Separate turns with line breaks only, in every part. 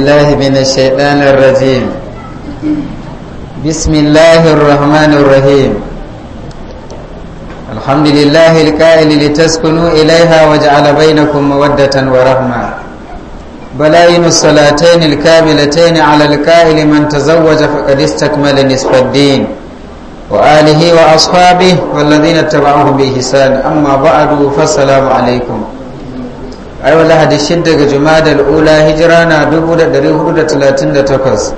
الله من الشيطان الرجيم بسم الله الرحمن الرحيم الحمد لله الكائل لتسكنوا إليها وجعل بينكم مودة ورحمة بلاين الصلاتين الكاملتين على الكائل من تزوج فقد استكمل نصف الدين وآله وأصحابه والذين اتبعوهم بإحسان أما بعد فالسلام عليكم yau wala hadishin daga jumadal ula hijira na 1438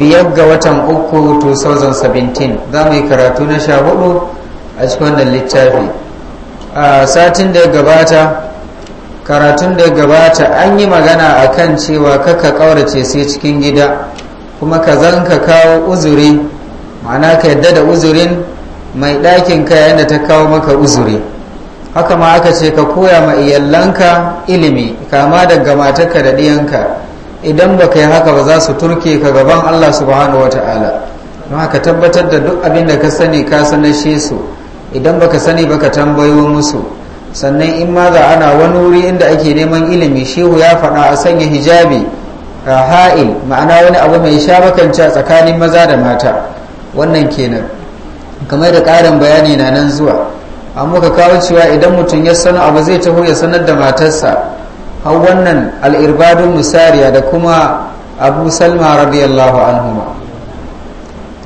biyar ga watan uku 2017 za mu yi karatu na sha a cikin wannan littafi a satin da gabata karatun da gabata an yi magana a kan cewa kaka ƙaurace sai cikin gida kuma ka zan ka kawo uzuri ma'ana ka yadda da uzurin mai ɗakin ka yadda ta kawo maka uzuri haka ma aka ce ka koya ma iyalanka ilimi kama daga matarka da ɗiyanka idan ba ka yi haka ba za su turke ka gaban allah subhanahu wata'ala don haka tabbatar da duk abin da ka sani ka sanashe su idan ba ka sani ba ka tambayo musu sannan in ma za ana wani wuri inda ake neman ilimi shehu ya faɗa a sanya hijabi ha'il ma'ana wani abu mai sha a tsakanin maza da mata wannan kenan kamar da ƙarin bayani na nan zuwa amma ka kawo cewa idan mutum ya sanu abu zai taho ya sanar da matarsa har wannan al'irbadun musariya da kuma abu salma radiyallahu anhuma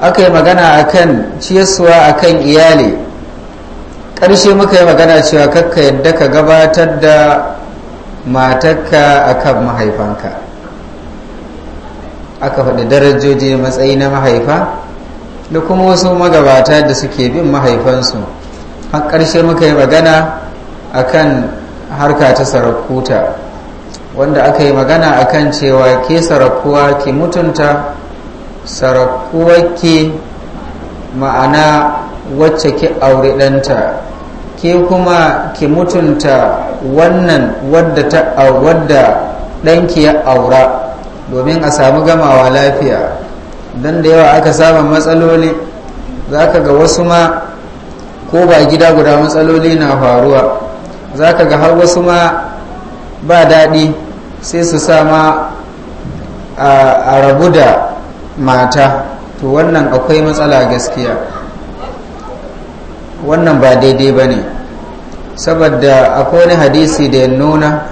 aka yi magana a kan ciyaswa a kan iyali ƙarshe muka yi magana cewa kakka yadda ka gabatar da matarka a kan mahaifanka aka faɗi darajoji matsayi na mahaifa da kuma wasu magabata da suke bin mahaifansu har ƙarshe muka yi magana a kan harka ta sarakuta wanda aka yi magana a kan cewa ke sarakuwa ki mutunta sarakuwarki ma'ana wacce ki aure ɗanta ke kuma ki mutunta wannan wadda ta wadda ɗanki ya aura domin a samu gamawa lafiya don da yawa aka samun matsaloli za ka ga wasu ma ko ba gida guda matsaloli na faruwa za ka ga har wasu ma ba daɗi sai su sama a rabu da mata to wannan akwai matsala gaskiya wannan ba daidai ba ne saboda akwai wani hadisi da ya nuna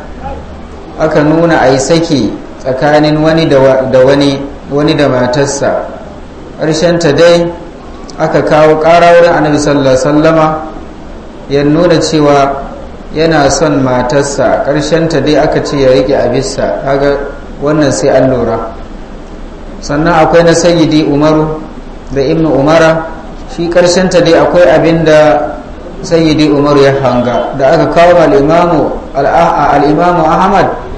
aka nuna a yi saki tsakanin wani da wani wani da matarsa ta dai aka kawo ƙara wurin annabi sallallahu sallama ya nuna cewa yana son matarsa ta dai aka ce ya riƙe abinsa kaga wannan sai an lura sannan akwai na sayyidi umaru da ibn umara shi ta dai akwai abin da sayyidi umaru ya hanga da aka kawo al'imamu ahmad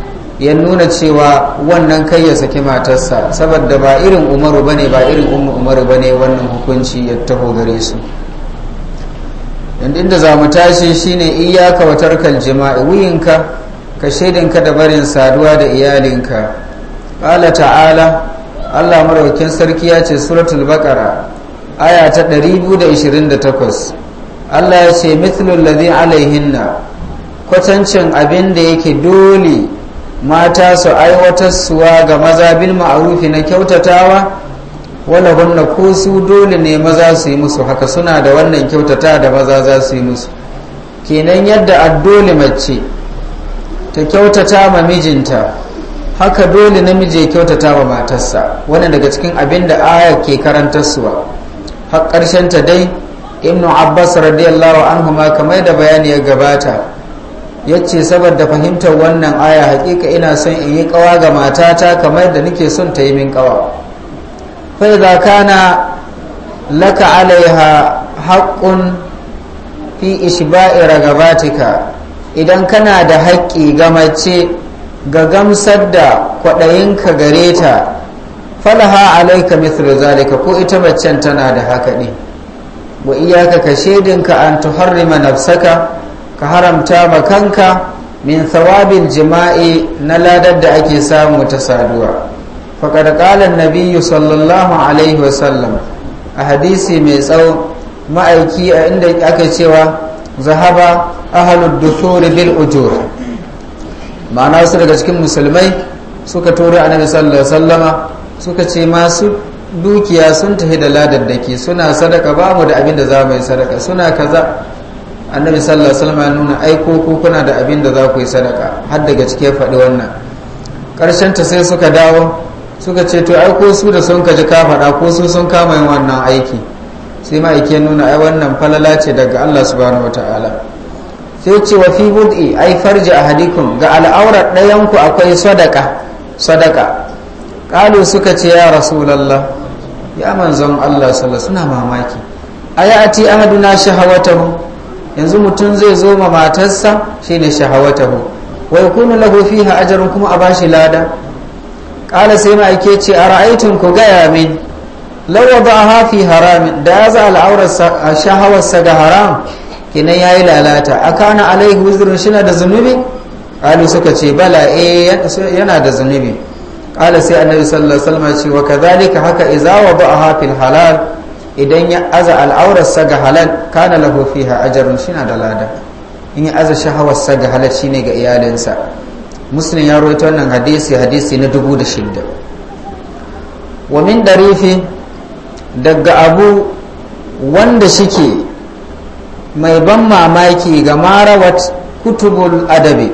ya nuna cewa wannan kai ya saki matarsa saboda ba irin umaru bane ba irin umaru bane wannan hukunci ya taho gare su inda za mu tashi shine iyaka wa tarkal jima'i wuyinka ka shaidinka da barin saduwa da iyalinka ƙala ta'ala allah maraukin sarki ya ce suratul bakara aya ta 228 allah ya ce mithlul ladhi alaihinna kwatancin abin da yake dole mata su aiwatar suwa ga maza bil ma'arufi na kyautatawa wala gwamna ko su dole ne maza su yi musu haka suna da wannan kyautata da maza za su yi musu kenan yadda dole mace ta kyautata ma mijinta haka dole namiji ya kyautata ma matarsa wani daga cikin abin da aya ke karantarsuwa har ta dai ibnu abbas radiyallahu anhu ma kamar da bayani ya gabata ya saboda fahimtar wannan aya hakika ina son in yi kawa ga matata kamar da nake son ta yi min kawa fai za kana laka alaiha haƙƙun fi ishba'i ragabatika idan kana da haƙƙi ga mace ga gamsar da kwaɗayinka gare ta falaha alaika mithlu zalika ko ita macen tana da haka ne wa iyaka ka shedinka an tuharrima nafsaka ka haramta ma kanka min thawabin jima'i na ladar da ake samu ta saduwa faƙar ƙalar nabiyu sallallahu alaihi wasallam a hadisi mai tsawo ma'aiki a inda aka cewa zahaba ahalud dusuri bil ujur ma'ana su daga cikin musulmai suka a nabi sallallahu sallama suka ce masu dukiya sun tafi da da ke suna sadaka babu da abin da za mu yi sadaka suna kaza annabi sallallahu alaihi wasallam nuna ai ko kuna da abin da za ku yi sadaka har daga cike faɗi wannan karshen ta sai suka dawo suka ce to ai ko su da sun kaji ka faɗa ko su sun kama yin wannan aiki sai ma'aike nuna ai wannan falala ce daga Allah subhanahu wataala sai ce wa fi bud'i ai farji ahadikum ga al'aurar ɗayan ku akwai sadaka sadaka kalu suka ce ya rasulullah ya manzon Allah sallallahu alaihi wasallam suna mamaki ayati ahaduna shahawatahu yanzu mutum zai zo ma matarsa shine shahawatahu wai yakunu lahu fiha ajarin kuma a bashi lada kala sai ma ake ce ra'aitun ku gaya min ba a fi haram da ya za al'aurar shahawarsa ga haram kenan yi lalata a akana alaihi shi na da zunubi qalu suka ce bala e yana da zunubi ƙala sai annabi sallallahu alaihi wasallam ce wa kadhalika haka idza a fil halal idan ya aza al'aurarsa ga halal kana lahu fiha ajrun shina da lada in ya aza shahawarsa ga halal ne ga iyalinsa muslim ya rawaito wannan hadisi hadisi na dubu da shidda wa min darifi daga abu wanda shike mai ban mamaki ga marawat kutubul adabi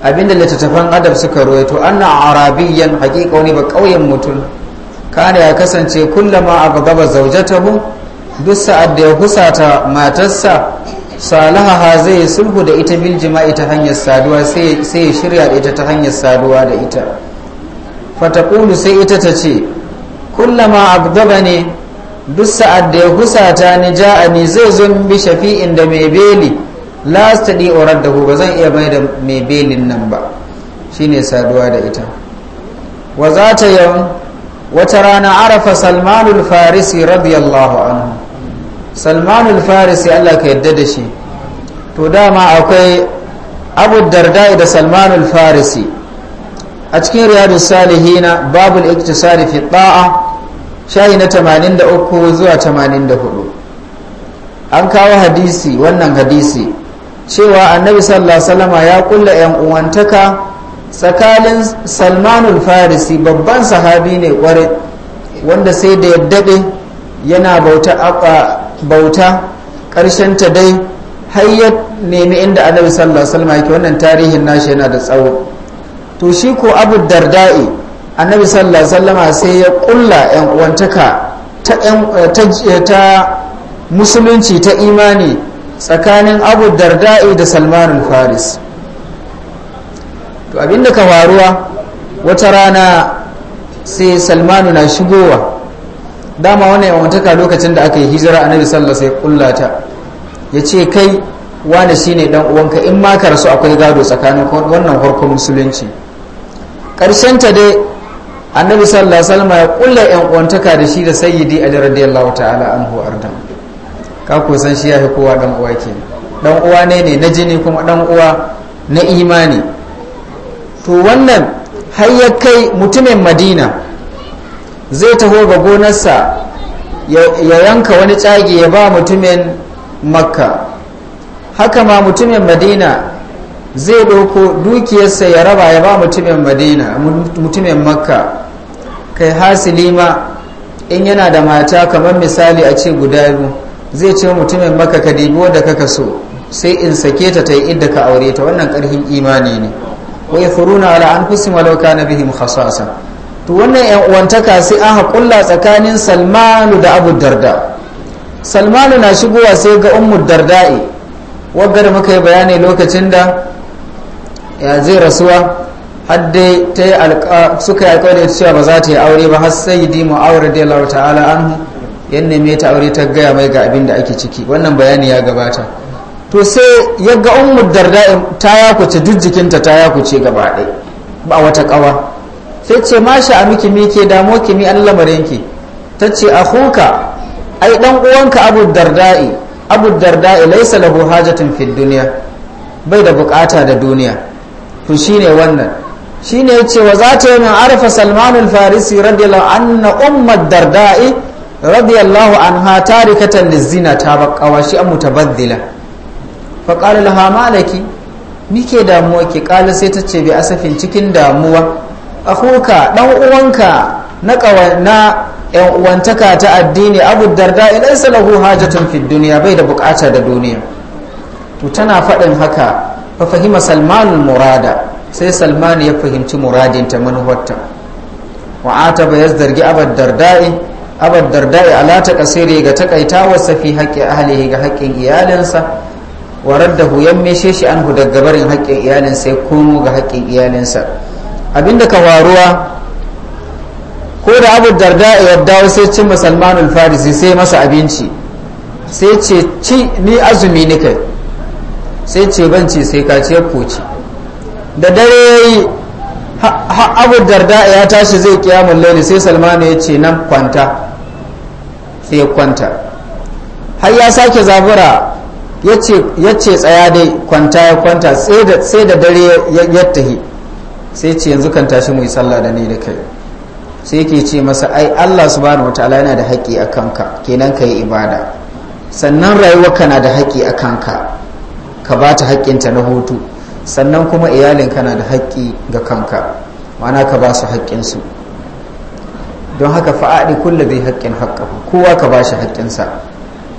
abinda littattafan adab suka rawaito anna arabiyyan haƙiƙa wani ba ƙauyen mutum kada ya kasance kullama ta zaujatahu duk sa'ad da ya husata matarsa ha zai sulhu da ita bil jima'i ta hanyar saduwa sai ya shirya da ita ta hanyar saduwa da ita fatakulu sai ita ta ce kullama gaba ne duk sa'ad da ya husata ni ni zai zo bi shafi'in da mai beli la stadi orar da ba zan iya bai da mai belin nan ba shine saduwa da ita wa za ta yau wata rana arafa salmanul farisi radiyallahu anhu salmanul farisi allah ka yadda da shi to dama akwai abu dardai da salmanul farisi a cikin riyadu salihina babul iktisari fi ta'a shayi na 83 zuwa 84 an kawo hadisi wannan hadisi cewa annabi sallallahu alaihi ya kulla yan uwantaka tsakanin salmanul farisi babban sahabi ne kwarai wanda sai da ya daɗe yana bauta ƙarshen ta dai har nemi inda annabi sallallahu alaihi wannan tarihin nashi yana da tsawo to shi ko abu darda'i annabi sallallahu alaihi wasallama sai ya kulla yan uwantaka ta musulunci ta imani tsakanin abu darda'i da salmanul farisi. to abinda ka faruwa wata rana sai salmanu na shigowa dama wannan yawantaka lokacin da aka yi hijira annabi sallah sai kullata ya ce kai wane shine dan uwanka in ma ka rasu akwai gado tsakanin wannan farkon musulunci karshen ta dai annabi sallallahu alaihi wasallam ya kulla yan uwantaka da shi da sayyidi ali radiyallahu ta'ala anhu arda ka ko san shi fi kowa dan uwa ke dan uwa ne ne na jini kuma dan uwa na imani to wannan har ya kai mutumin madina zai taho ga gonarsa ya yanka wani tsage ya ba mutumin makka haka ma mutumin madina zai ɗauko dukiyarsa ya raba ya ba mutumin madina mutumin makka kai hasili ma in yana da mata kamar misali a ce guda biyu zai ce mutumin makka ka dibi wadda kaka so sai in sake ta ta yi inda ka aure ta wannan ƙarfin imani ne wa yathruna ala anfusihim walau kana bihim khasasa to wannan yan uwantaka sai an haƙulla tsakanin Salmanu da Abu Darda Salmanu na shigowa sai ga Ummu Darda'i wagga da muka yi bayani lokacin da ya zai rasuwa har dai ta yi suka yi alƙawari cewa ba za ta yi aure ba har sai di aure da Allah ta'ala anhu yan neme ta aure ta gaya mai ga abin da ake ciki wannan bayani ya gabata to sai ya ga ummu darda ta yakuce duk jikinta ta yakuce gaba ɗaya ba wata ƙawa sai ce ma sha miki me ke damo ki mi an ki ta ce a a ai dan uwanka abu darda'i abu darda'i laisa lahu hajatun fid duniya bai da bukata da duniya to shine wannan shine yace wa za ta yi arfa salman al-farisi radiyallahu anna ummat darda'i radiyallahu anha tarikatan lizina ta bakawa shi an mutabaddila faƙalar laha malaki damuwa ke ƙala sai ta ce bi asafin cikin damuwa akuka ɗan uwanka na ƙawana yan uwantaka ta addini abu darda idan salahu hajatun fi duniya bai da bukata da duniya to tana faɗin haka fa fahima salmanul murada sai salman ya fahimci muradin ta manuwarta wa ata ba zargi abad darda'i abad darda'i ala ta kasiri ga takaitawarsa safi haƙƙi ahlihi ga haƙƙin iyalinsa warar da ya meshe shi an daga gabarin haƙƙin iyalin sai komo ga haƙƙin iyalinsa abinda ka waruwa ko da abu darda ya dawo sai cin musulmanul farisi sai masa abinci sai ce ci ni azumi nika sai ce ban ce sai ka ciyar koci da dare yayi abu darda ya tashi zai kiyamun laili sai salmanu ya ce nan kwanta sai kwanta har ya sake zabura ya ce tsaya dai kwanta ya kwanta sai da dare ya tahi sai ce yanzu kan tashi mu yi sallah da ni da kai sai ke ce masa ai Allah subhanahu wataala yana da haƙƙi a kanka kenan ka yi ibada sannan rayuwa kana da haƙƙi a kanka ka ba ta haƙƙinta na hutu sannan kuma iyalin kana da haƙƙi ga kanka ma'ana ka ba su haƙƙinsu don haka fa'aɗi kulla zai haƙƙin haƙƙa kowa ka ba shi haƙƙinsa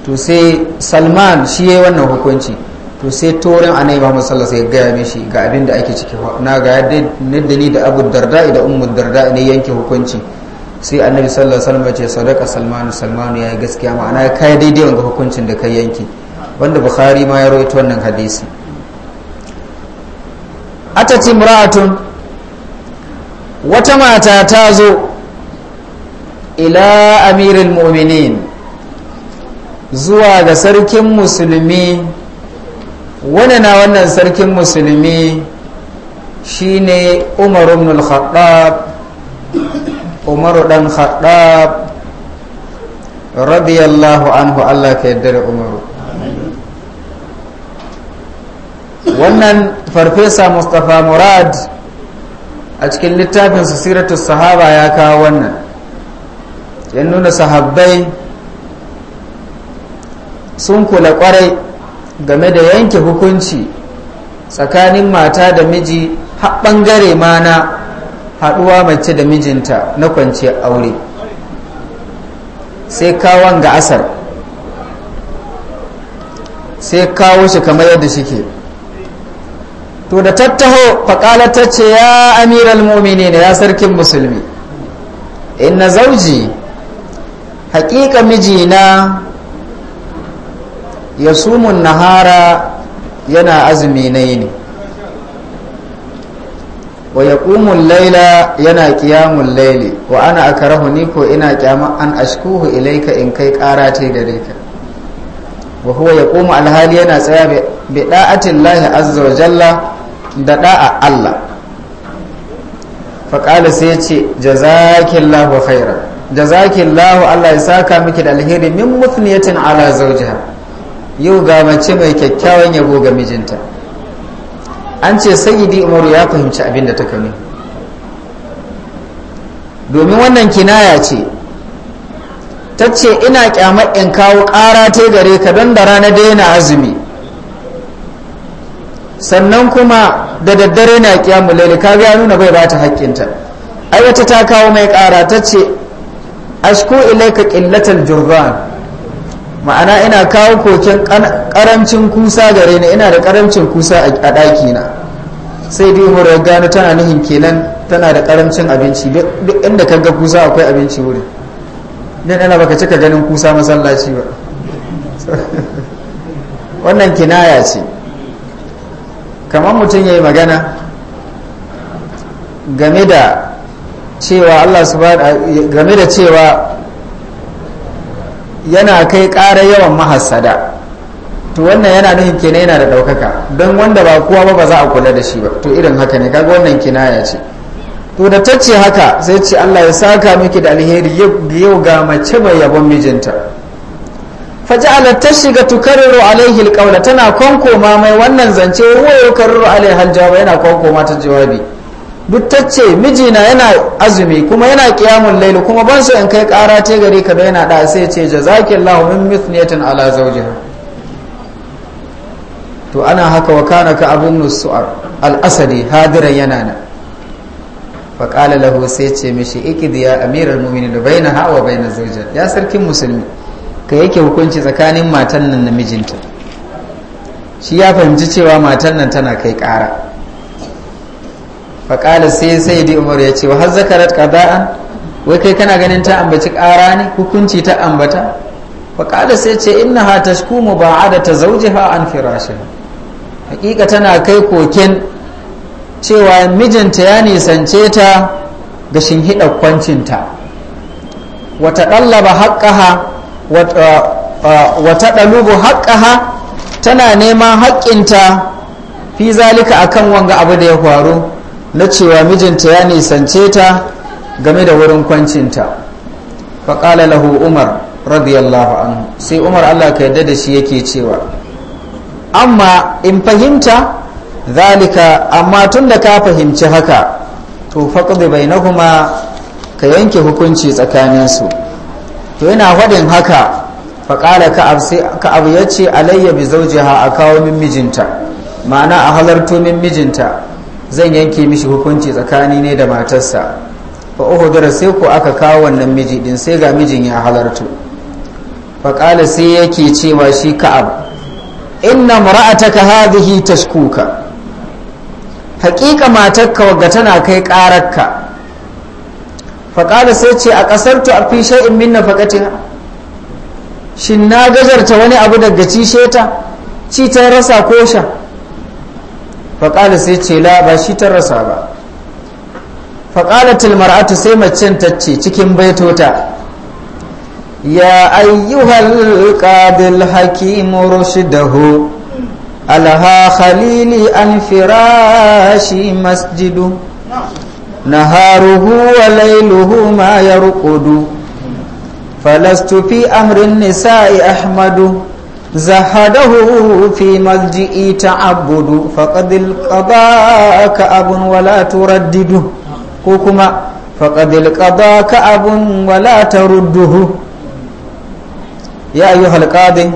to sai salman shi ya yi wannan hukunci to sai torin a nai muhammad sallallahu alaihi gaya mishi ga abin da ake ciki na ga yadda ni da abu darda da ummu darda ne yanke hukunci sai annabi sallallahu alaihi wasallam ce sadaka salmanu salmanu yi gaskiya ma'ana ya kai daidai wanga hukuncin da kai yanki wanda bukhari ma ya rawaito wannan hadisi atati imra'atun wata mata ta zo ila amirul mu'minin zuwa ga sarkin musulmi wani na wannan sarkin musulmi shine Umaru ibn al-khattab umaru dan khattab radiyallahu anhu Allah ka yarda da umaru wannan farfesa mustapha murad a cikin littafin su siratu sahaba ya kawo wannan ya nuna sahabbai sun kula kwarai game da yanke hukunci tsakanin mata da miji ɓangare ma na haɗuwa mace da mijinta na kwanciyar aure sai kawon ga asar sai kawo shi kamar yadda shike to da tattaho faƙala ta ce ya amiral mumini ya sarkin musulmi inna zauji haƙiƙa mijina ya sumun nahara yana azumi na yini wa ya ƙumun laila yana kiyamun laili wa ana aka ni ko ina kyama an ashkuhu ilaika in kai ƙara ce gare ka wa huwa ya ƙumu alhali yana tsaya bi da'atin lahi azza wa jalla da da'a Allah faƙali sai ce khairar jazakin lahu Allah ya saka miki da alheri min mutniyatin ala zawjiha yau ga mace mai kyakkyawan yabo ga mijinta an ce sayyidi umaru ya fahimci abin da ta kame domin wannan kinaya ce ta ce ina kyamar in kawo ƙara ta gare ka don da rana daina azumi sannan kuma da daddare na kyamu laili ka ga nuna bai bata ta ai wata ta kawo mai ƙara ta ce ashku ilaika qillatal jurban ma'ana ina kawo koken karancin kusa gare ni ina da karancin kusa a ɗaki na sai dai umar gano tana nihin kenan tana da karancin abinci duk inda ka ga kusa akwai abinci wurin dan ana baka cika ganin kusa masallaci ba wannan kinaya ce kamar mutum ya yi magana game da cewa Allah game da cewa yana kai ƙara yawan mahassada to wannan yana nufin kenan yana da ɗaukaka don wanda ba kowa ba ba za a kula da shi ba to irin haka ne kaga wannan kinaya ce to da ta ce haka sai ce Allah ya saka miki da alheri yau ga mace mai yabon mijinta faja'alat ta shiga tukarriru alaihi alqawla tana kwankoma mai wannan zance ruwa yukarriru alaihi aljawab yana kwankoma ta jawabi duk mijina yana azumi kuma yana kiyamun laili kuma ban so in kai kara te gare ka yana da sai ce jazakillahu min mithniyatin ala zawjiha to ana haka wa kana ka abun nusu'ar al-asadi hadiran yana na fa qala lahu sai ce mishi ikidi ya amirul mu'minin baina ha wa baina zawjiha ya sarkin musulmi ka yake hukunci tsakanin matan nan da mijinta shi ya fahimci cewa matan nan tana kai kara faƙala sai sai di umar ya ce wa har zakarat qada'an wai kai kana ganin ta ambaci ƙara ne hukunci ta ambata faƙala sai ce ba a da ta ha an firashiha hakika tana kai koken cewa mijinta ya nisance ta ga shinhiɗa kwancinta wata ɗallaba haƙƙaha wata ɗalubu haƙƙaha tana neman haƙƙinta fi zalika akan wanga abu da ya faru na cewa mijinta ya nisance ta game da wurin kwancinta faƙala lahu umar radiyallahu anhu sai umar allah ka yadda da shi yake cewa amma in fahimta zalika amma tun da ka fahimci haka to faƙi bai na kuma ka yanke hukunci tsakaninsu to yana haɗin haka faƙala ka abu ya ce alayya zaujiha a kawo min mijinta ma'ana a halarto min mijinta zan yanke mishi hukunci tsakani ne da matarsa fa uhudura sai ko aka kawo wannan miji din sai ga mijin ya halartu fa qala sai yake cewa shi ka'ab inna mar'ataka hadhihi tashkuka haƙiƙa matarka wagga tana kai ƙararka fa qala sai ce a tu a fi shay'in minna nafaqatiha shin na gajarta wani abu daga cisheta ci ta rasa ko sha faƙala sai ce la ba shi ta rasa ba faƙalatul mar'atu sai macen ta ce cikin baitota ya ayyuhal qadil hakim rushdahu alha khalili an firashi masjidu naharuhu wa lailuhu ma yarqudu falastu fi amrin nisa'i ahmadu زهده في ملجئي تعبد فقد القضاء كأب ولا تردده كوكما فقد القضاء كأب ولا ترده يا أيها القاضي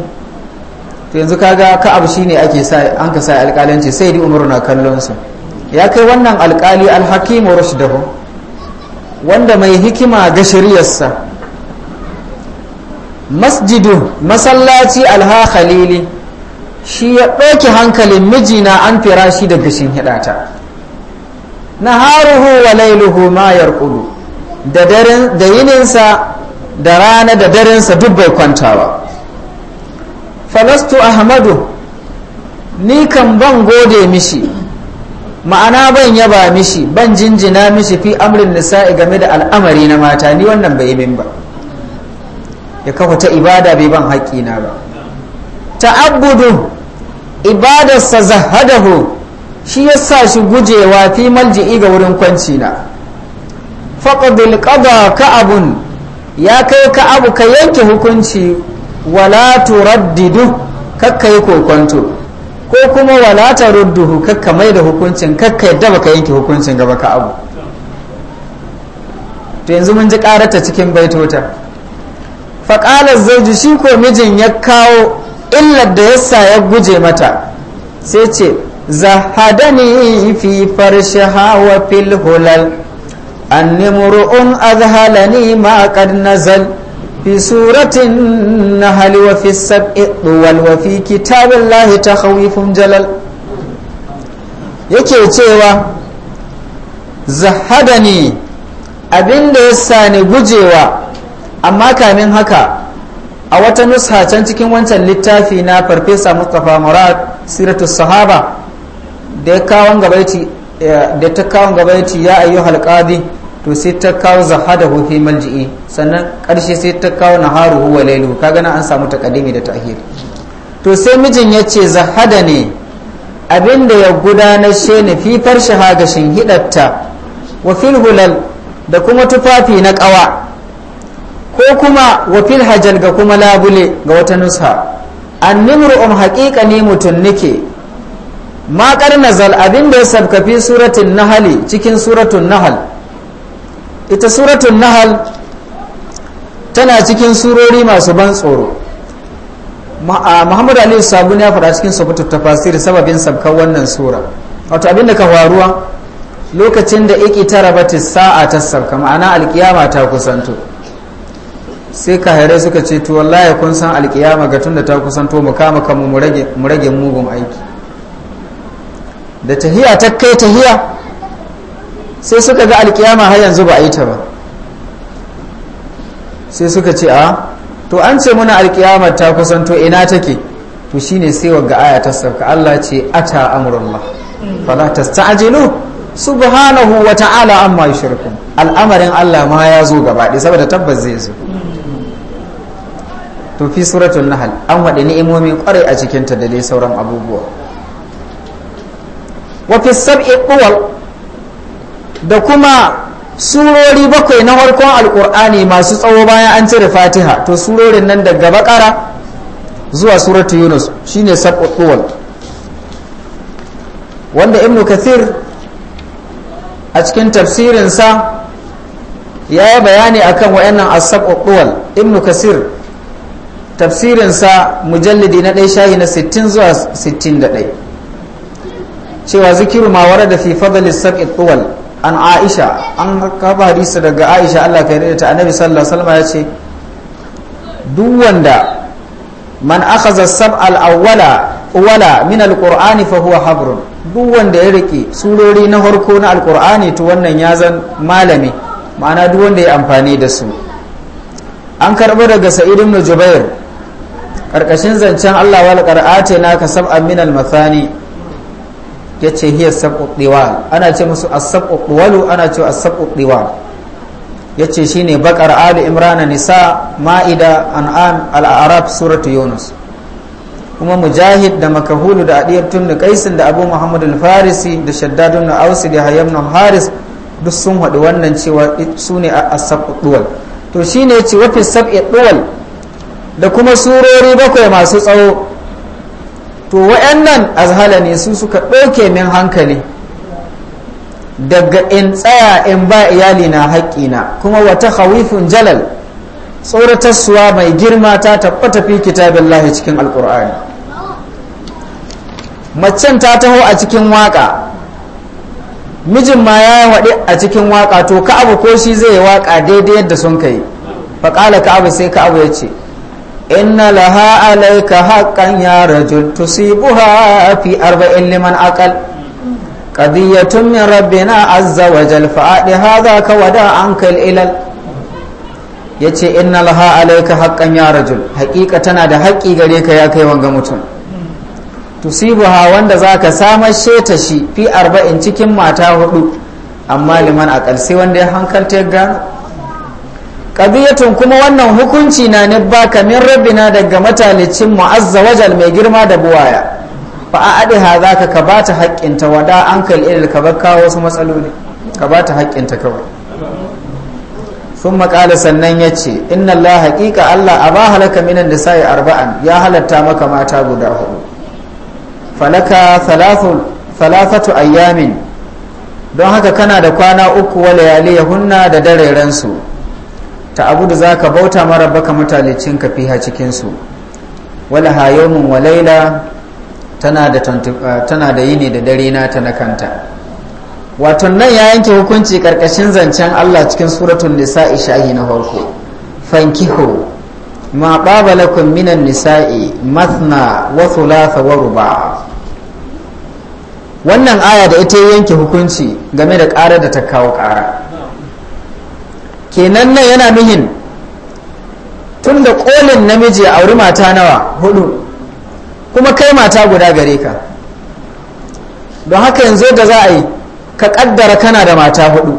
to yanzu kaga ka'ab shine ake sa an ka sa alƙalanci sai dai umaru na kallon su ya kai wannan alƙali alhakimu rushdahu wanda mai hikima ga shari'arsa masjidu masallaci alha khalili shi ya ɗauki hankalin mijina an fira shi da gashin hidata na haruhu wa lailuhu ma yarqudu da da yininsa da rana da darensa duk bai kwanta ba falastu ahmadu ni kan ban gode mishi ma'ana ban yaba mishi ban jinjina mishi fi amrin nisa'i game da al'amari na mata ni wannan bai yi min ba ya kafa ta ibada bai ban haƙƙina ba ta'abbudu ibadarsa zahadahu shi ya sa shi gujewa fi malji'i ga wurin kwanci na faqdil ka abun ya kai ka abu ka yanke hukunci wala turaddidu kakka yi kokonto ko kuma wala tarudduhu kakka mai da hukuncin kakka yadda ka yanke hukuncin gaba ka'abu to yanzu mun ji karata cikin baitota faƙalar zauji shi ko mijin ya kawo illar da yasa ya guje mata sai ce zahadani fi farshe hawa fil hulal an nimru'un azhalani ma qad nazal fi suratin na wa fi sab'i duwal wa fi ta takhawifun jalal yake cewa zahadani abinda ya sani gujewa amma kamin haka a wata nusa can cikin wancan littafi na farfesa mustapha murad siratu sahaba da ta kawon gabaiti ya ayyu halƙadi to sai ta kawo zahada hufi malji'i sannan karshe sai ta kawo na haru wa lailu ka gana an samu takadimi da ta'khir to sai mijin ya ce zahada ne abinda ya gudanar she ne fi shahagashin hidatta wa fil hulal da kuma tufafi na kawa ko kuma wa fil ga kuma labule ga wata nusha an um haƙiƙa ne mutum nake ma karna abin da ya sabkafi suratun nahali cikin suratun nahal ita suratun nahal tana cikin surori masu ban tsoro muhammad Aliyu sabu ya faɗa cikin sabutu tafasir sababin sabkan wannan sura wato abin da ka faruwa lokacin da iki tara batis sa'a ta sabka ma'ana alkiyama ta kusanto sai kahirai suka ce to wallahi kun san alkiyama ga tun da ta kusanto mu kama kanmu mu rage mugun aiki da tahiya ta kai tahiya sai suka ga alkiyama har yanzu ba a yi ta ba sai suka ce a to an ce muna alkiyama ta kusanto ina take to shine sai wagga aya ta sauka Allah ce ata amrullah fala tasta'jilu subhanahu wa ta'ala amma yushrikun al'amarin Allah ma ya zo gaba saboda tabbas zai zo to fi suratul nahal an waɗe ni'imomi kwarai a cikinta da dai sauran abubuwa wa fi sab'i quwal da kuma surori bakwai na harkon alkur'ani masu tsawo bayan an cire fatiha to surorin nan daga bakara zuwa suratu yunus shine sab'i quwal wanda ibnu kathir a cikin tafsirinsa ya yi bayani akan wa'annan asab'u quwal ibnu kasir tafsirinsa mujallidi na ɗaya shahi na 60 zuwa 61 cewa zikiru mawara da fi fadali sab'i tuwal an aisha an kaba hadisi daga aisha allah ka yarda ta annabi sallallahu alaihi ya ce duk wanda man akhadha al awwala wala min alqur'ani fa huwa habrun duk wanda ya rike surori na farko na alqur'ani to wannan ya zan malami ma'ana duk wanda ya amfani da su an karɓi daga sa'id ibn jubair karkashin zancen Allah wal ƙar'ace na ka sab'a min al mathani yace hiya sab'u diwal ana ce musu as-sab'u walu ana ce as-sab'u diwal yace shine bakar ali imran nisa ma'ida an'am al-a'raf suratu yunus kuma mujahid da makahulu da adiyar tunni kaisin da abu muhammad al-farisi da shaddad ibn ausi da hayyam haris duk sun haɗu wannan cewa su ne sabu diwal to shine wa fi sab'i diwal da kuma surori bakwai masu tsawo to wa'annan azhala ne su suka ɗauke min hankali daga in tsaya in ba iyali na haƙƙina kuma wata hawifin jalal tsoratarsuwa mai girma ta tabbata fi kitabin lahi cikin alƙur'ani macen ta taho a cikin waƙa mijin ma ya waɗe a cikin waƙa to ka'abu ko shi zai waƙa daidai yadda sun kai faƙala ka'abu sai ka'abu ya ce inna laha alayka haqqan ya rajul tusibuha fi arba'in liman aqal qadiyatun min rabbina azza wa jal fa'adi hadha ka wada anka ilal yace inna laha alayka haqqan ya rajul haƙiƙa tana da haƙi gare ka ya kai wanga mutum tusibuha wanda zaka samar sheta shi fi arba'in cikin mata hudu amma liman aqal sai wanda ya hankalta ya gano qadiyatun kuma wannan hukunci na ne ba kamin rabbina daga matalicin mu'azza wajal mai girma da buwaya fa a adi hadha ka ka bata haƙƙinta wada an kal ilal ka kawo wasu matsaloli ka bata haƙƙinta kawai sun maƙala sannan ya ce inna Allah haƙiƙa Allah a ba halaka minan da sa'i arba'an ya halatta maka mata guda hudu falaka thalathatu ayyamin don haka kana da kwana uku wa layali hunna da dare ransu ta abu da za ka bauta mara baka matalicin ka fiha cikinsu wala hayomin walaila uh, tana da yini da dare nata na kanta waton nan ya yanke hukunci karkashin zancen allah cikin suratun nisa'i shahi na farko fankiho ma ƙabalakun minan nisa'i mathna wa thulatha wa ruba wannan aya da ita yanke hukunci game da ƙara da ta kawo ƙara kenan nan yana nuhin tun da kolin namiji a auri mata nawa hudu kuma kai mata guda gare ka don haka yanzu da za a yi ka kaddara kana da mata hudu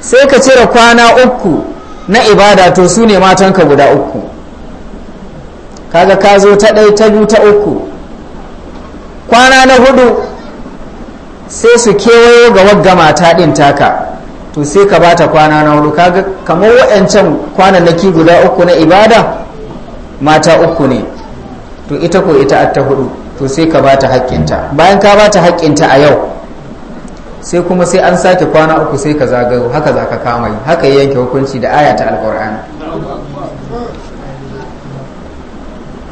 sai ka cire kwana uku na ibada to su ne matanka guda uku kaga ka zo ta ɗai ta biyu ta uku kwana na hudu sai su kewayo ga wagga mata ɗin taka to sai ka bata kwana na hudu kaga kamar na kwananaki guda uku na ibada mata uku ne to ita ko ita ta hudu to sai ka bata haƙƙinta bayan ka bata haƙƙinta a yau sai kuma sai an sake kwana uku sai ka zagayo haka za ka kama yi haka yi yanke hukunci da ayata ta alƙur'ani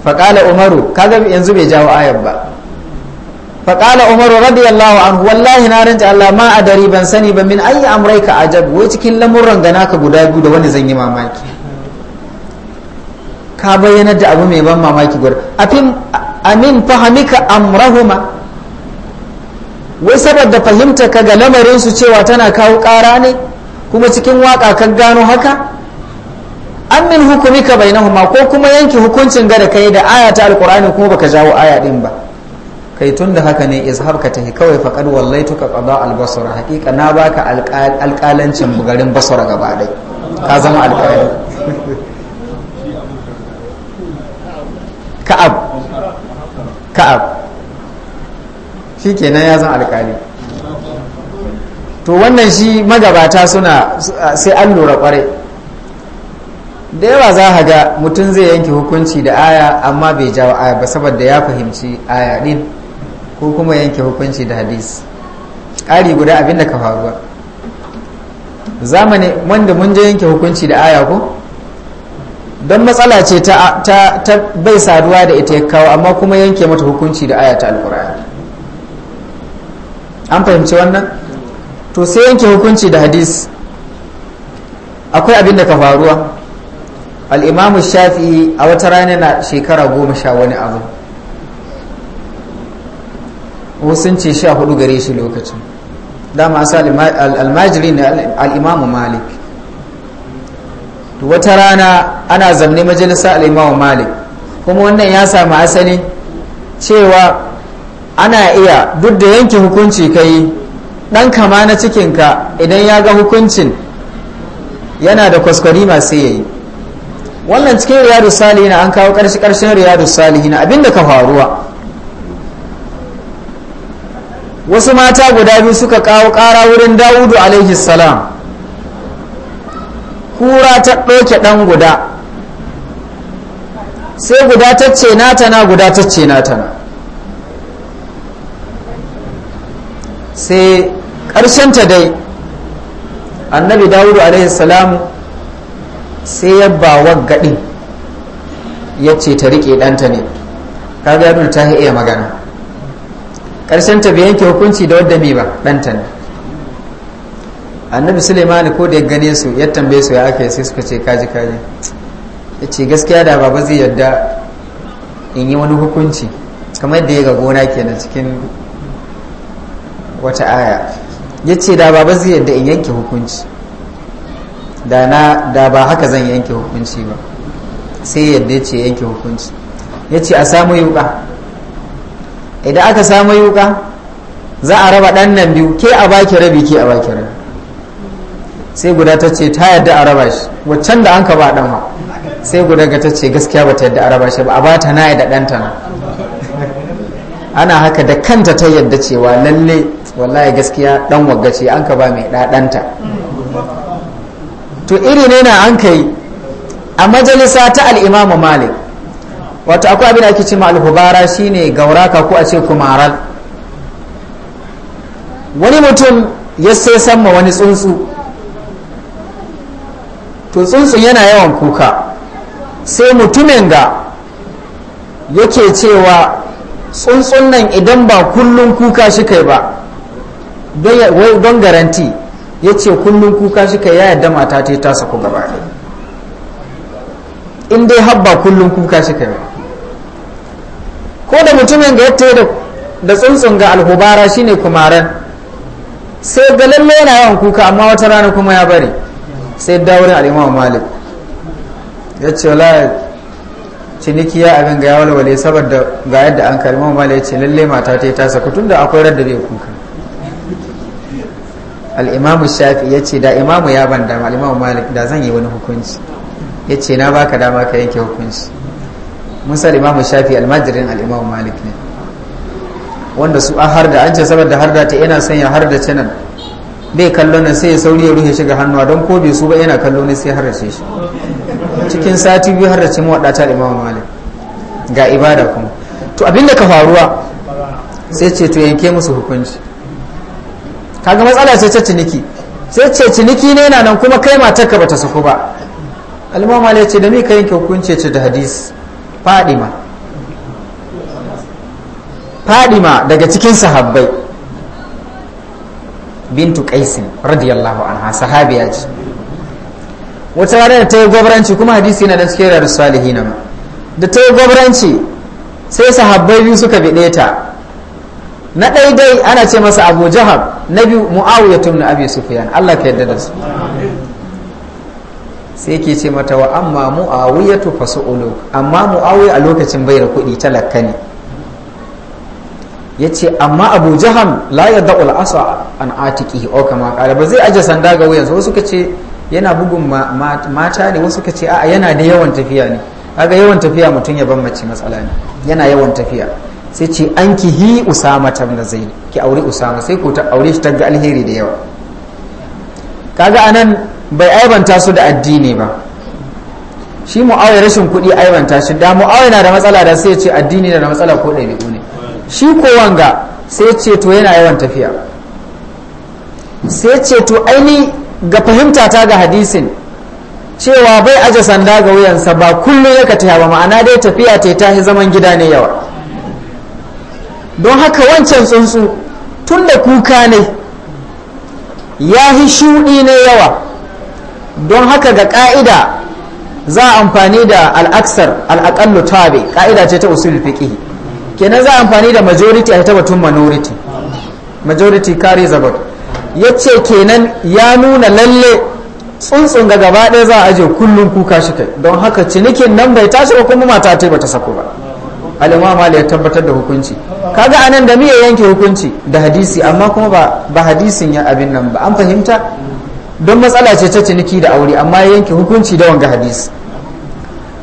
faƙala umaru kaga yanzu bai jawo ayar ba faƙala عمر radiyallahu anhu wallahi na rinta Allah ma a dari ban sani ba min ayi amrai ka wai cikin lamurran gana ka guda biyu da wani zan yi mamaki ka bayyana da abu mai ban mamaki guda afin amin fahimika amrahuma wai saboda fahimta ka ga lamarin su cewa tana kawo kara ne kuma cikin waka ka gano haka an min hukumika bainahuma ko kuma yanke hukuncin ga da kai da aya ta alqur'ani kuma baka jawo aya din ba kai tun da haka ne izhar ka tahi kawai faƙar wallai tuka al basra haƙiƙa na baka alqalancin bugarin basura gaba dai ka zama alƙali ka'ab ka'ab shi kenan ya zama alƙali to wannan shi magabata suna sai an lura kware da yawa za a ga mutum zai yanke hukunci da aya amma bai jawo aya ba saboda ya fahimci aya din. ko kuma yanke hukunci da hadisi ƙari guda abin da ka faruwa zamani wanda mun je yanke hukunci da aya ko don matsala ce ta, bai saduwa da ita ya kawo amma kuma yanke mata hukunci da aya ta alkur'ani an fahimci wannan to sai yanke hukunci da hadis akwai abin da ka faruwa al'imamu shafi a wata rana na shekara goma sha wani abu sun ce sha hudu gare shi lokacin dama asa almajiri na al'imamu malik wata rana ana zamne majalisa al'imamu malik kuma wannan ya sami asali cewa ana iya duk da yanke hukunci ka yi ɗan kama na cikinka idan ya ga hukuncin yana da kwaskwari masu yayi wannan cikin riyadu salihina an kawo ƙarshe ƙarshen riyadu salihina abinda ka faruwa wasu mata guda biyu suka kawo ƙara wurin dawudu alaihi salam kura ta ɗauke ɗan guda sai guda ta ce nata na guda ta ce nata na sai ta dai annabi dawudu alaihi salam sai ya ba gaɗin ya ce ta riƙe ɗanta ne ta gano ta iya magana karshen ta bai yanke hukunci da wadda mai ba ɗanta ne annabi suleiman ko da ya gane su ya tambaye su ya aka sai suka ce kaji kaji ya ce gaskiya da baba zai yadda in yi wani hukunci kamar yadda ya ga gona kenan cikin wata aya ya ce da baba zai yadda in yanke hukunci da na da ba haka zan yanke hukunci ba sai yadda ya ce yanke hukunci ya ce a samu yuka idan aka samu yuka za a raba ɗan nan biyu ke a baki rabi ke a baki rabi sai guda ta ce ta yadda a raba shi waccan da an ka ba ɗan sai guda ga ta ce gaskiya ba ta yadda a raba shi ba a ba ta na da ɗanta na ana haka da kanta ta yadda cewa lalle wallahi gaskiya ɗan wagga ce an ka ba mai ta to iri ne na an ka yi a majalisa ta al'imamu malik wato akwai abin da ake al-hubara shine gauraka ko a ce kumaral wani mutum ya sai samma wani tsuntsu to tsuntsun yana yawan kuka sai mutumin ga yake cewa tsuntsun nan idan ba kullum kuka shi kai ba don garanti ya ce kullum kuka shi kai ya yadda mata ta yi tasa ku gaba in dai habba kullum kuka shi kai ko da mutumin ga yatta da da tsuntsun ga alhubara shine kumaran sai ga lalle yana yawan kuka amma wata rana kuma ya bari sai dawurin al'imam malik ya ce wala ciniki ya abin ga yawon walwale saboda ga yadda an kalmar malik ya ce lalle mata ta yi tasa kutun da akwai radda zai kuka al'imamu shafi ya ce da imamu ya ban dama malik da zan yi wani hukunci ya ce na baka dama ka yanke hukunci misali limamu shafi almajirin al'imamu malik ne wanda su an harda an ce saboda harda ta yana son ya harda ce nan bai kallo nan sai ya sauri ya rufe shiga hannuwa don ko bai su ba yana kallo ne sai ce shi cikin sati biyu harda ce mawaɗa ta al'imamu malik ga ibada kuma to abin da ka faruwa sai ce to yanke musu hukunci kaga matsala ce ta ciniki sai ce ciniki ne na nan kuma kai matarka bata saku ba al'imam malik ce da me ka yanke hukunci ce da hadisi fadima fadima daga cikin sahabbai bintu qaisin radiyallahu anha sahabiya ce wata rana ta yi gwabranci kuma hadisi na da suke rarrasu salihin ma da ta yi gwabranci sai sahabbai biyu suka biɗe ta na daidai ana ce masa abu jahab na biyu mu'awiyatun na abi sufyan allah ka yadda da su sai ke ce mata wa amma mu'awiyatu fasu'ulu amma mu'awiya a lokacin bai da kuɗi talaka ne yace amma abu jaham la da asa an atiki o kama kare ba zai aje sanda ga wuyansa wasu ka ce yana bugun mata ne wasu ka ce a'a yana da yawan tafiya ne kaga yawan tafiya mutum ya ban mace matsala ne yana yawan tafiya sai ce an ki hi usama ta da zai ki aure usama sai ko ta aure shi ta ga alheri da yawa kaga anan bai aibanta su da addini ba shi mu'awai rashin kuɗi aibanta shi da mu'awai na da matsala da sai ce addini na da matsala ko ɗabi'u ne shi ko wanga sai ce to yana yawan tafiya sai ce to aini ga fahimta ta ga hadisin cewa bai aje sanda ga wuyansa ba kullum ya tafiya ba ma'ana dai tafiya ta ta zaman gida ne yawa don haka wancan tsuntsu tun da kuka ne ya hi shuɗi ne yawa don haka ga ƙa'ida za a amfani da al'aksar al'aƙallu tabi ƙa'ida ce ta usul fiƙi kenan za a amfani da majority a ta batun minority majority carry the vote ce kenan ya nuna lalle tsuntsun ga gaba ɗaya za a aje kullum kuka shi kai don haka cinikin nan bai tashi ba kuma mata ta bata sako ba al'imama ya tabbatar da hukunci kaga anan da ya yanke hukunci da hadisi amma kuma ba hadisin ya abin nan ba an fahimta don matsala ce ta ciniki da aure amma yanke hukunci da wanga hadis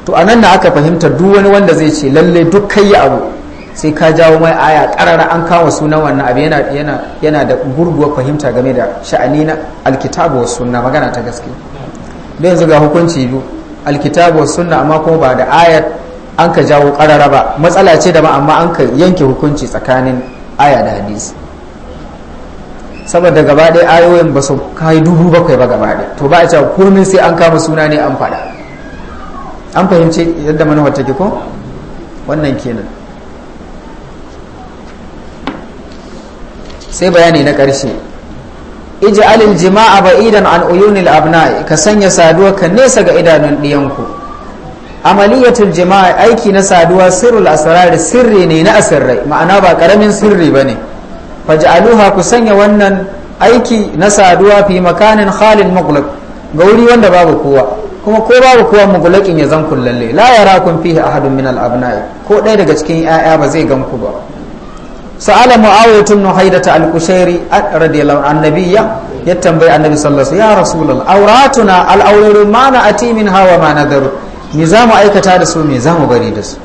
to a nan na aka fahimta duk wani wanda zai ce lalle duk kai ya abu sai ka jawo mai aya karara an kawo sunan wannan abu yana da gurguwar fahimta game da sha'ani na alkitabu was sunna magana ta gaske da yanzu ga hukunci biyu alkitabu was sunna amma kuma ba da ayat an ka jawo karara ba matsala ce da ba amma an ka yanke hukunci tsakanin aya da hadisi saboda gaba ɗaya ayoyin ba su kai dubu bakwai ba gaba ɗaya to ba a cewa komai sai an kama suna ne an faɗa an fahimci yadda manufar take ko wannan kenan sai bayani na ƙarshe alil jima'a ba idan an uyunil abna'i ka sanya saduwa ka nesa ga idanun ɗiyanku amaliyatul jima'a aiki na saduwa sirrul asrar sirri ne na asirrai ma'ana ba ƙaramin sirri bane ne faj'aluha ku sanya wannan aiki na saduwa fi makanin khalin maghlaq ga wuri wanda babu kowa kuma ko babu kowa mughlaqin ya zan kullalle la yarakum fihi ahadun min al abna'i ko ɗaya daga cikin 'ya'ya ba zai gan ku ba sa'ala muawiya ibn haidata al qushairi radiyallahu annabiyya ya tambayi annabi sallallahu alaihi wasallam ya rasulullah awratuna al awraru ma na ati min hawa ma nadar me zamu aikata da su me zamu bari da su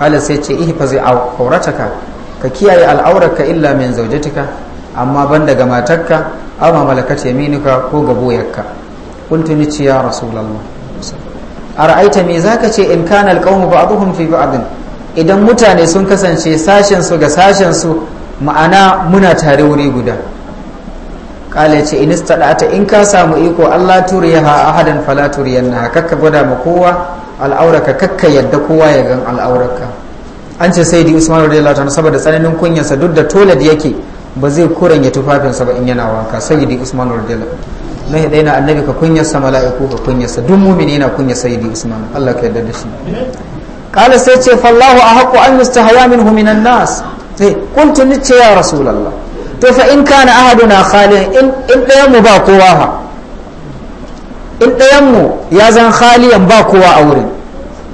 kala sai ce ihfazi ka. ka kiyaye al'aurarka illa min zaujatika amma ban daga matarka amma malakat yaminuka ko boyarka qultu ni ya rasulullah ara'aita me zaka ce in kana alqawmu ba'dhum fi ba'd idan mutane sun kasance sashen su ga sashen su ma'ana muna tare wuri guda kale ce in istada'ata in ka samu iko Allah turiyaha ahadan fala turiyanna kakka gwada ma kowa al'auraka kakka yadda kowa ya gan al'auraka an ce sai di usman radiyallahu anhu saboda tsananin kunyansa duk da tolad yake ba zai kuranya tufafinsa ba in yana wanka sai di usman radiyallahu na hidai na annabi ka kunyarsa mala'iku ka kunyarsa duk mumini yana kunya sai di usman Allah ka yarda da shi qala sai ce fallahu ahqqu an yustahya minhu minan nas sai eh, kuntu nice ya rasulullah to fa in kana ahaduna khaliyan in in dayan mu ba kowa ha in dayan mu ya zan khaliyan ba kowa a wurin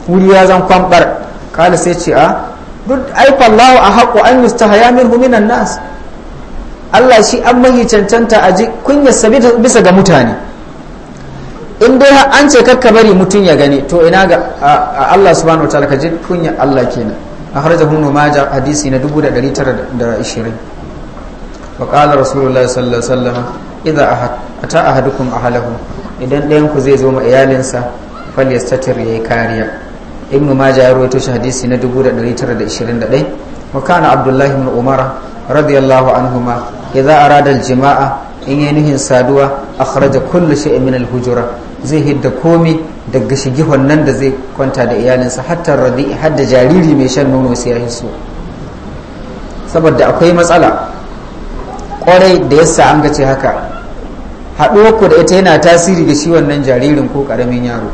wuri ya zan kwambar kala sai ce a ah, duk aifa Allah a haƙo an yustahaya min huminan nas Allah shi an mahi cancanta a ji kunya sabi bisa ga mutane in dai an ce kakka bari mutum ya gani to ina ga Allah subhanahu wataala ka ji kunya Allah kenan akhrajahu ibn majah hadisi na 1920 wa qala rasulullahi sallallahu alaihi wasallam a ta'a ahadukum ahlahu idan ɗayan ku zai zo ma iyalinsa ya yayi kariya ibnu majah ya rawaito hadisi na 1921 wa kana abdullahi ibn umara radiyallahu anhuma idza arada jima'a in yayi nuhin saduwa akhraja kullu shay'in min alhujura zai hidda komai daga shigihon nan da zai kwanta da iyalinsa hatta radi hadda jariri mai shan nono sai ya hiso saboda akwai matsala kwarai da yasa an ce haka haɗuwar ku da ita yana tasiri ga ciwon nan jaririn ko karamin yaro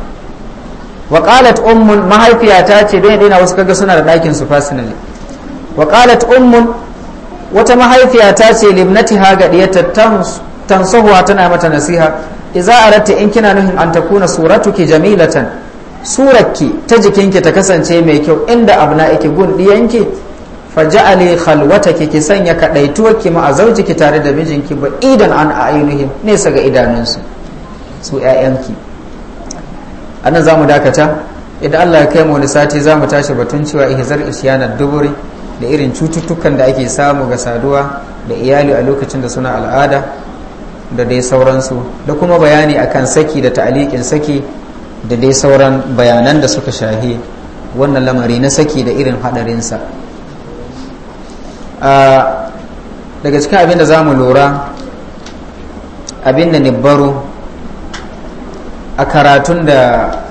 wa qalat ummun mahaifiyata ce don dina wasu kaga suna da ɗakin su personally wa qalat ummun wata mahaifiyata ce limnatiha ga diyata tansahuwa tana mata nasiha idza aratta in kina nuhin an takuna suratuki jamilatan surarki ta jikinki ta kasance mai kyau inda abna'iki gun diyanki faj'ali khalwataki ki sanya kadaituwarki ma azaujiki tare da mijinki ba idan an ainihin nesa ga idanunsu su ƴaƴanki anan zamu dakata idan allah ya kai mu wani sati za mu tashi batun cewa ihzar isyanar duburi da irin cututtukan da ake samu ga saduwa da iyali a lokacin da suna al'ada da dai sauransu da kuma bayani akan saki da ta'aliƙin saki da dai sauran bayanan da suka shahi wannan lamari na saki da irin haɗarinsa daga cikin abin da zamu lura abin da nibbaro a karatun da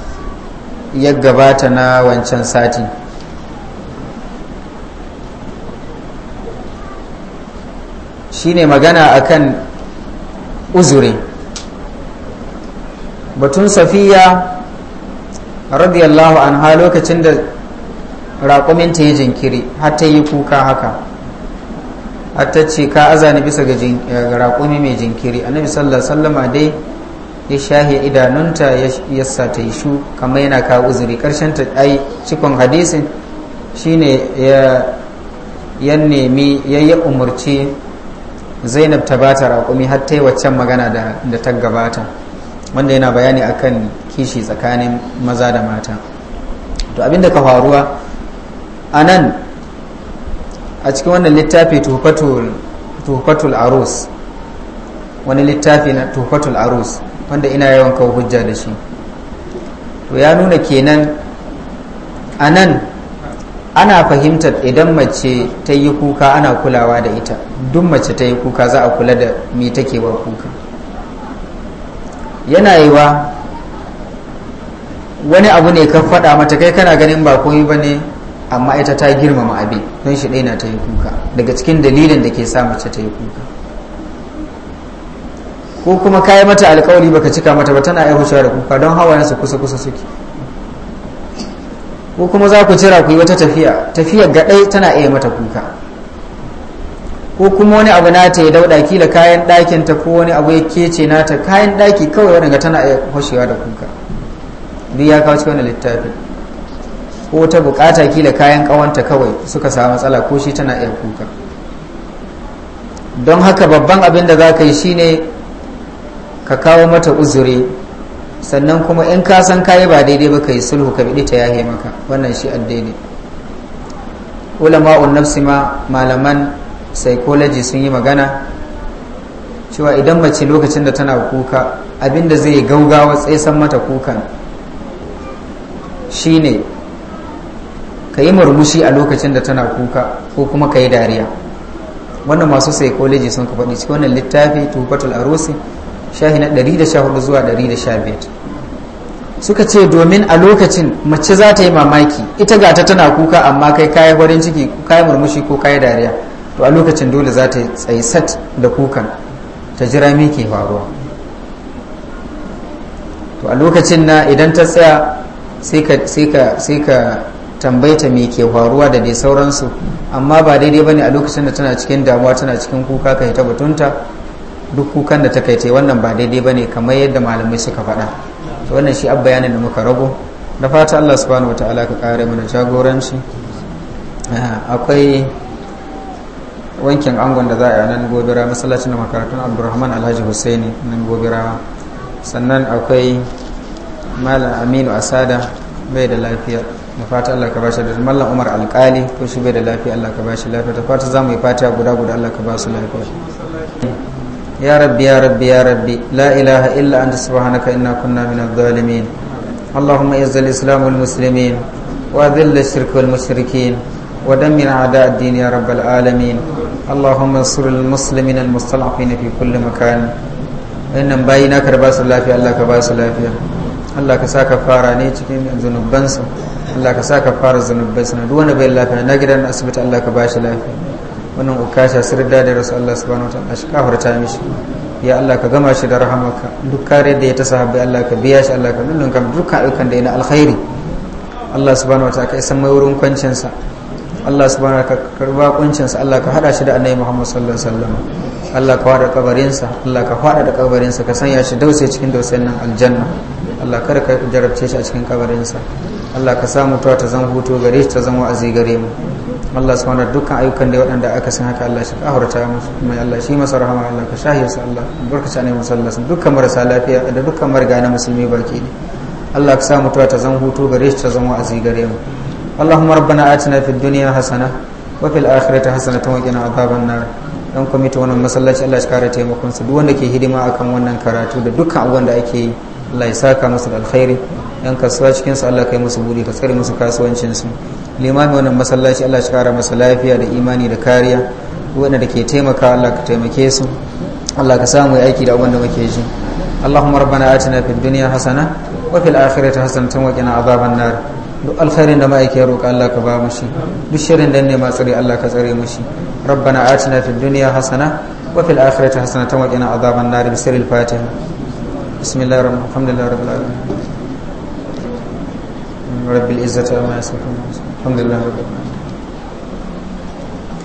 ya gabata na wancan sati shine magana akan uzuri batun safiya radiyallahu anha lokacin da raƙuminta ya jinkiri hatta yi kuka haka hatta ce ka azani bisa ga raƙumi mai jinkiri annabi sallallahu alaihi dai ya shahe idanunta ya sa ta yi shu kamar yana kawo uzuri karshen ta ai cikon hadisin shine ya nemi ya yi umarci zainab ta ba ta raƙumi har ta yi waccan magana da ta gabata wanda yana bayani akan kishi tsakanin maza da mata to abinda ka faruwa a nan a cikin wannan littafi tufatul arus wani littafi na tufatul arus wanda ina yawan kawo hujja da shi to ya nuna kenan a nan ana fahimtar idan mace ta yi kuka ana kulawa da ita duk mace ta yi kuka za a kula da me take wa kuka yana yi wa wani abu ne ka faɗa mata kai kana ganin ba komai ba ne amma ita ta girmama abin don shi ɗaya na ta yi kuka daga cikin dalilin da ke sa mace ta yi kuka ko kuma kayi mata alkawari baka cika mata ba tana aihu da kuka don hawayen su kusa kusa suke ko kuma za ku cira ku yi wata tafiya tafiya gaɗai tana iya mata kuka ko kuma wani abu na ta ya dauda kila kayan ɗakin ta ko wani abu ya kece ta kayan ɗaki kawai ga tana iya hoshewa da kuka duk ya kawo cikin wani littafin ko ta bukata kila kayan kawanta kawai suka samu matsala ko shi tana iya kuka don haka babban abin da za ka yi shine ka kawo mata uzuri sannan kuma in ka san kayi ba daidai ba ka yi sulhu ka biɗi ta yahe maka wannan shi addini ulama'un nafsi ma malaman psychology sun yi magana cewa idan mace lokacin da tana kuka abinda zai gaugawa tsesan mata kukan shine ka yi murmushi a lokacin da tana kuka ko kuma ka yi dariya wannan masu psychology sun ka faɗi cikin wannan littafi tufatul arusi shahi na 114 zuwa 115 suka ce domin a lokacin mace za ta yi mamaki ita gata tana kuka amma kai kayan farin ciki kayan murmushi ko kayan dariya to a lokacin dole za ta tsayi sat da kukan ta jira me ke faruwa to a lokacin na idan ta tsaya sai ka tambaita me ke faruwa da dai sauransu amma ba daidai bane a lokacin da tana cikin damuwa tana cikin kuka ka ta batunta duk kukan da ta wannan ba daidai ba ne kamar yadda malamai suka faɗa to wannan shi abba bayanin da muka rago da fata Allah subhanahu wataala ka kare mana jagoranci ah, akwai wankin angon da za a yi nan gobira masallacin da makarantun abdurrahman alhaji husaini nan gobira sannan akwai malam aminu asada bai da lafiya da fata Allah ka bashi da mallam Umar alƙali ko shi bai da lafiya Allah ka bashi lafiya da fata za mu yi fata guda guda Allah ka ba su lafiya يا ربي يا ربي يا ربي لا إله إلا أنت سبحانك إنا كنا من الظالمين اللهم إعز الإسلام والمسلمين وأذل الشرك والمشركين ودمر أعداء الدين يا رب العالمين اللهم انصر المسلمين المستضعفين في كل مكان wannan bayi naka da basu lafiya Allah ka basu lafiya Allah ka sa ka fara ne cikin zunubansu Allah ka sa ka fara zunubansu duk wanda bai lafiya na gidan asibiti Allah ka bashi lafiya wannan ukasha sirda da rasu Allah subhanahu wataala shi kafarta mishi ya Allah ka gama shi da rahamaka duk kare da ya ta sahabbai Allah ka biya shi Allah ka nunnunka dukkan ayyukan da ya na alkhairi Allah subhanahu wataala ka isan mai wurin sa Allah subhanahu ka karba sa Allah ka hada shi da annabi Muhammad sallallahu alaihi wasallam Allah ka kabarin sa Allah ka hada da sa ka sanya shi dausayi cikin dausayin nan aljanna Allah kar ka jarabce shi a cikin sa Allah ka samu mutuwa ta zan hutu gare shi ta zan wa'azi gare mu Allah subhanahu dukkan ayyukan da waɗanda aka san haka Allah shi ka haurata musu mai Allah shi masa rahama Allah ka shahiya sa Allah barkaci ne sun dukkan marasa lafiya da dukkan marga na musulmi baki ne Allah ka sa mutuwa ta zan hutu gare shi ta zan wa'azi gare mu Allahumma rabbana atina fid dunya hasana wa fil akhirati hasana wa qina adhaban nar dan kwamitin wannan masallaci Allah shi kare taimakon su duk wanda ke hidima akan wannan karatu da dukkan abubuwan da ake yi Allah ya saka musu da alkhairi yan kasuwa cikinsu su Allah kai musu buri ka tsare musu kasuwancinsu. su limami wannan masallaci Allah ya kara masa lafiya da imani da kariya wanda da ke taimaka Allah ka taimake su Allah ka samu aiki da abin da muke ji اللهم ربنا آتنا في الدنيا حسنة وفي الآخرة حسنة وقنا عذاب nar. duk alkhairin da ma'aike roƙa Allah ka ba mushi duk shirin da ne ma tsare Allah ka tsare mushi rabbana atina fid dunya hasana wa fil akhirati hasanatan wa qina adhaban nar bi sirril fatiha بسم الله الرحمن الرحيم الحمد لله رب العالمين رب العزة وما يسمحون الحمد لله رب العالمين